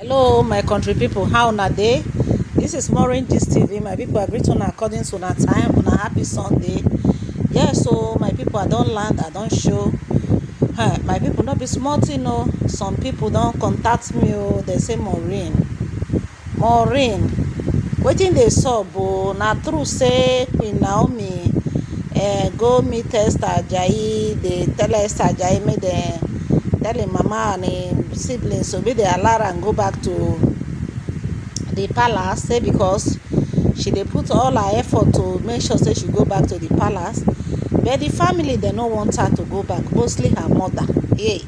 hello my country people. how una dey This is morin gist tv my people i greet una according to una time una happy sunday yes so my people, i don land i don show my people no be small tin o oh. some people don contact me o oh. dey say maureen maureen wetin dey sup o oh? na true say queen naomi eh, go meet esther ajayi dey tell esther ajayi make dem telling mama and im siblings be obede and go back to the palace say because she they put all her effort to make sure say she go back to the palace but the family they no want her to go back mostly her mother hey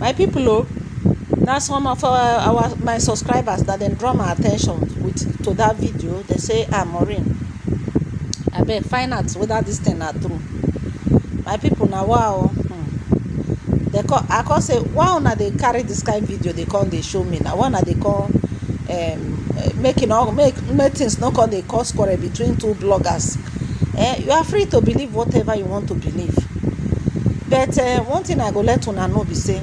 my people, o oh, That's one of our my subscribers that then draw my attention with to that video They say ah maureen abeg find out whether this thing are true my people, now, wow oh i con say why una dey carry this kind video dey come dey show me na why una dey come um, make make things no come dey cause quarrel between two bloggers eh you are free to believe whatever you want to believe but eh, one thing i go let una know be say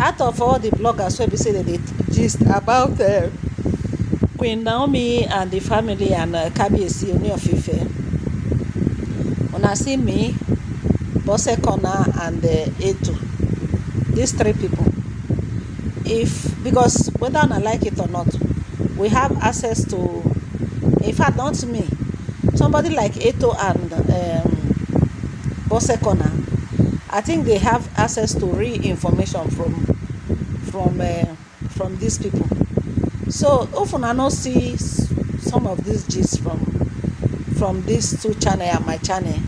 out of all the bloggers wey be say dem dey gist about eh, queen naomi and the family and eh, kabiyesi oni of ife una see me Bose Corner and uh, Eto. These three people. If because whether I like it or not, we have access to. In fact, not me. Somebody like Eto and um, Bose Corner. I think they have access to real information from from uh, from these people. So often I not see some of these gist from from these two channel and my channel.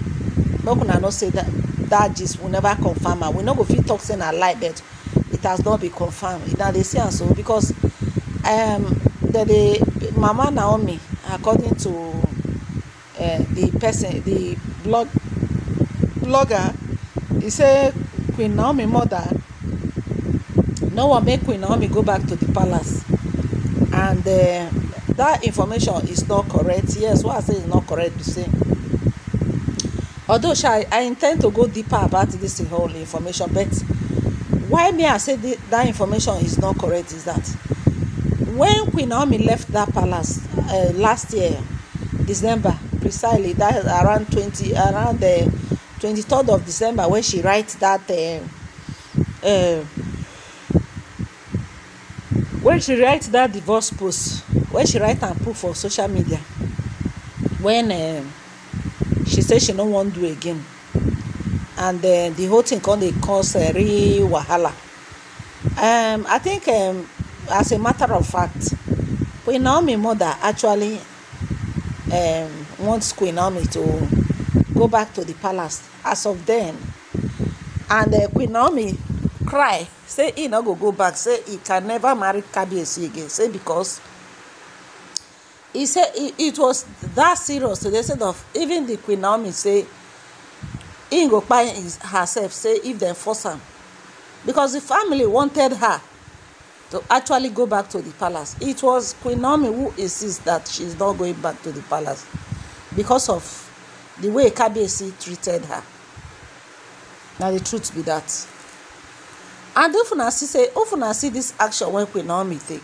make una no say that gist will never confirm. am we no go fit talk say na lie but it has not been confirmed Now they say so because um, the the mama naomi according to uh, the person the blog blogger he said queen naomi mother no one make queen naomi go back to the palace and uh, information is not correct yes what i say is not correct To say although sha, I, I intend to go deeper about this whole information but why me I say the, that information is not correct is that when Queen Naomi left that palace uh, last year December precisely that around twenty around the uh, twenty-third of December when she write that uh, uh, when she write that divorce post when she write and put for social media when. Uh, she said she want to do again and the whole thing called the cause eh, real wahala um i think um as a matter of fact queen naomi mother actually um, wants queen naomi to go back to the palace as of then, and eh, queen naomi cry say he not go go back say he can never marry kabiyesi again say because he said it, it was that serious to the extent of even the queen naomi say "Ingo by herself say if they force him because the family wanted her to actually go back to the palace it was queen naomi who insists that she is not going back to the palace because of the way kabiyesi treated her Now the truth be that and Ofunasi see say "Ofunasi, see this action when queen naomi take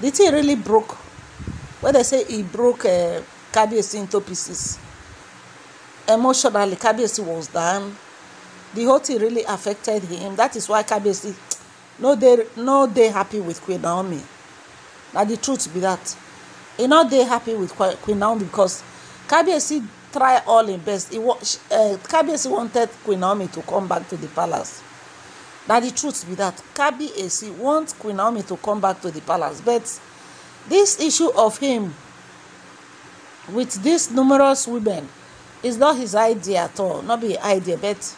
the thing really broke when they say he broke uh, into pieces emotionally Kabiyesi was down the whole thing really affected him that is why Kabiyesi no day, no day happy with Queen Naomi Now the truth be that he not day happy with Queen Naomi because Kabiyesi try all in best he uh, wanted Queen Naomi to come back to the palace Now the truth be that Kabiyesi want Queen Naomi to come back to the palace but this issue of him with these numerous women is not his idea at all, not be idea, but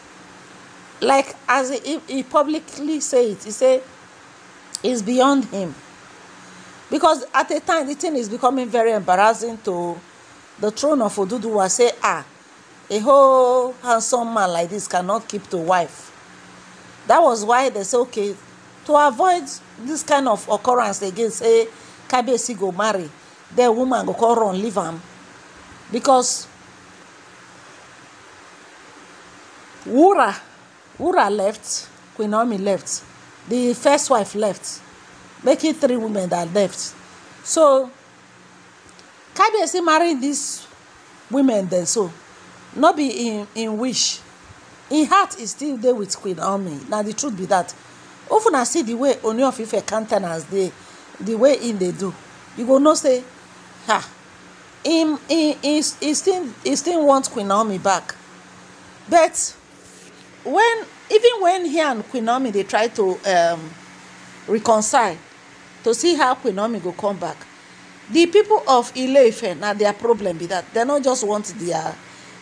like as he, he publicly says, he said it's beyond him. Because at the time, the thing is becoming very embarrassing to the throne of Oduduwa. Say, ah, a whole handsome man like this cannot keep to wife. That was why they say, okay, to avoid this kind of occurrence again, say, kabesi go marry then woman go come run leave am because wura wura left queen naomi left the first wife left making three women that left so kabiyesi marry this women then so no be im im wish im heart is still dey with queen naomi na the truth be that if una see the way ooni of ife countenance dey the way in they do you go not say ha he still wants queen naomi back but when even when he and queen naomi they try to um, reconcile to see how queen naomi go come back the people of ileife now their problem be they dem not just want their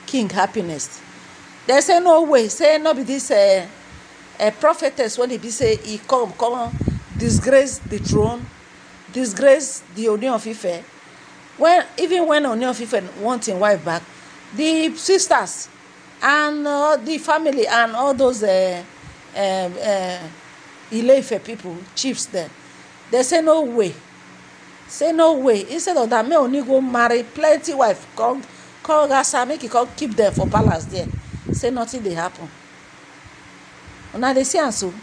king happiness They say no way say "Not be a eh, eh, prophetess when he be say he come come disgrace the throne disgrace the Ooni of Ife when even when Ooni of Ife want im wife back the sisters and uh, the family and all those uh, uh, uh, Ile people chiefs dem they say no way say no way instead of that make Ooni go marry plenty wife come call Gasa make he come keep them for palace there say nothing dey happen una dey see am so.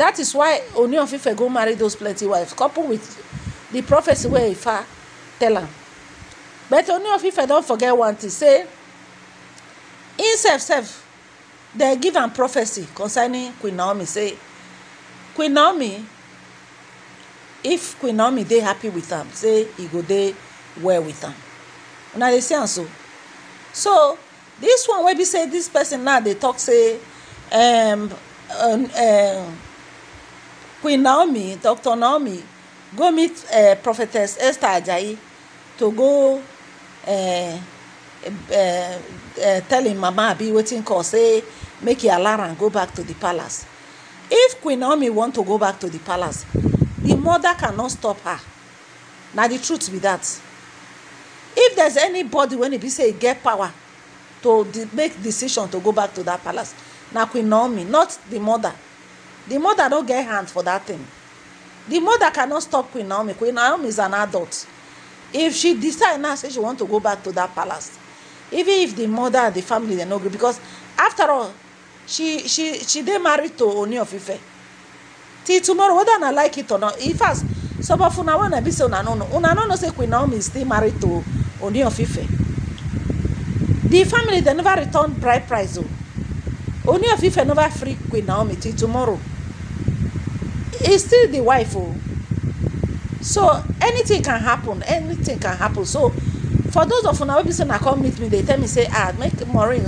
that is why only of I go marry those plenty wives couple with the prophecy where ifa tell am but oni of don't forget one thing say In self self, they give a prophecy concerning queen naomi say queen naomi if queen naomi they happy with them, say he go they, well with them. Now they see so so this one where we say this person now they talk say um, um, um, Queen Naomi, Dr. Naomi, go meet uh, Prophetess Esther Ajayi to go uh, uh, uh, tell him Mama be waiting call say make he alarm and go back to the palace. If Queen Naomi want to go back to the palace, the mother cannot stop her. Now the truth be that. If there's anybody when it be say get power to de make decision to go back to that palace, now Queen Naomi, not the mother. the mother no get hand for that thing the mother cannot stop queen naomi queen naomi is an adult if she decide now say she want to go back to that palace even if the mother and the family dey no gree because after all she she she dey married to oni of ife till tomorrow whether una like it or not in fact some of una wey una be say una no know una no know say queen naomi is still married to oni of ife the family dey never return bride price o. Oh. Ooni of Ife never free Queen Naomi till tomorrow he's still the wife o oh. so anything can happen anything can happen so for those of una wey be say na come meet me dey tell me say ah make maureen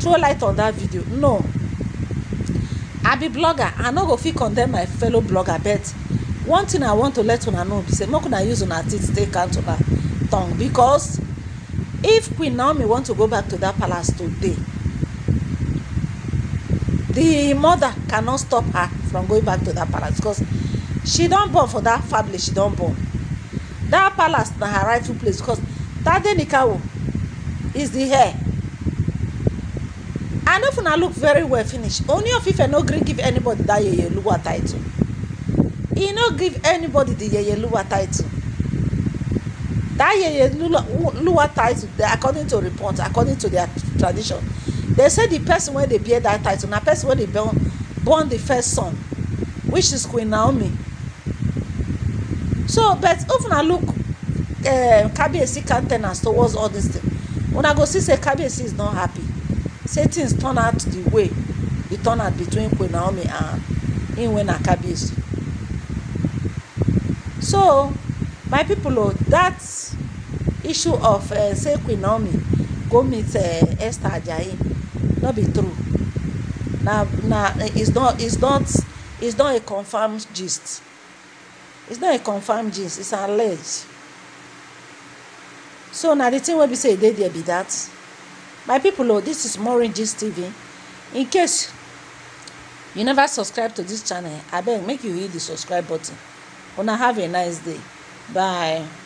throw light on that video no i be blogger i no go fit condemn my fellow blogger but one thing i want to let una know be say make una use una teeth take count una tongue because if queen naomi want to go back to that palace today the mother cannot stop her from going back to that palace because she don born for that family she don born that palace na her rightful place because tadenikawo is the heir and if una look very well finish only of ife no gree give anybody dat yeyeluwa title e no give anybody di yeyeluwa title dat yeyeluwa title according to report according to their tradition they say the person wey dey bear that title na person wey dey born born the first son which is queen naomi so but if una look uh, kabiyesi can towards all this thing una go see say kabiyesi is not happy say things turn out the way e turn out between queen naomi and him wey na kabiyesi so my people o oh, that issue of uh, say queen naomi go meet uh, esther ajayi Not be true Now, now it's not it's not it's not a confirmed gist it's not a confirmed gist it's alleged so now the thing wey be say e there be that my people oh this is more Gist TV in case you never subscribe to this channel I beg make you hit the subscribe button una have a nice day bye.